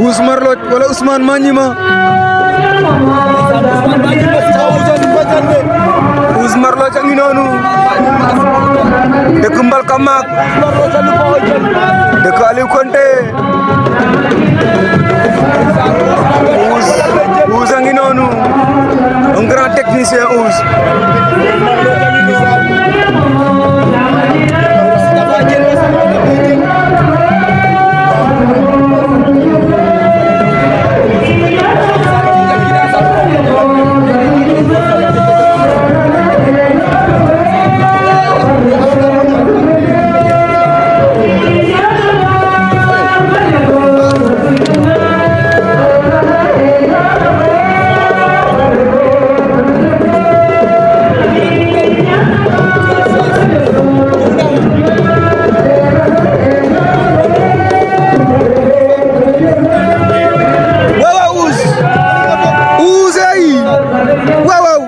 Ousmane Lodj wala Ousmane Magnima Ousmane Lodj a ngi noonu dëkk Mbalka Maak dëkk Aliou Konté Ouz Ouz a ngi noonu un grand technicien Ouz Whoa, whoa,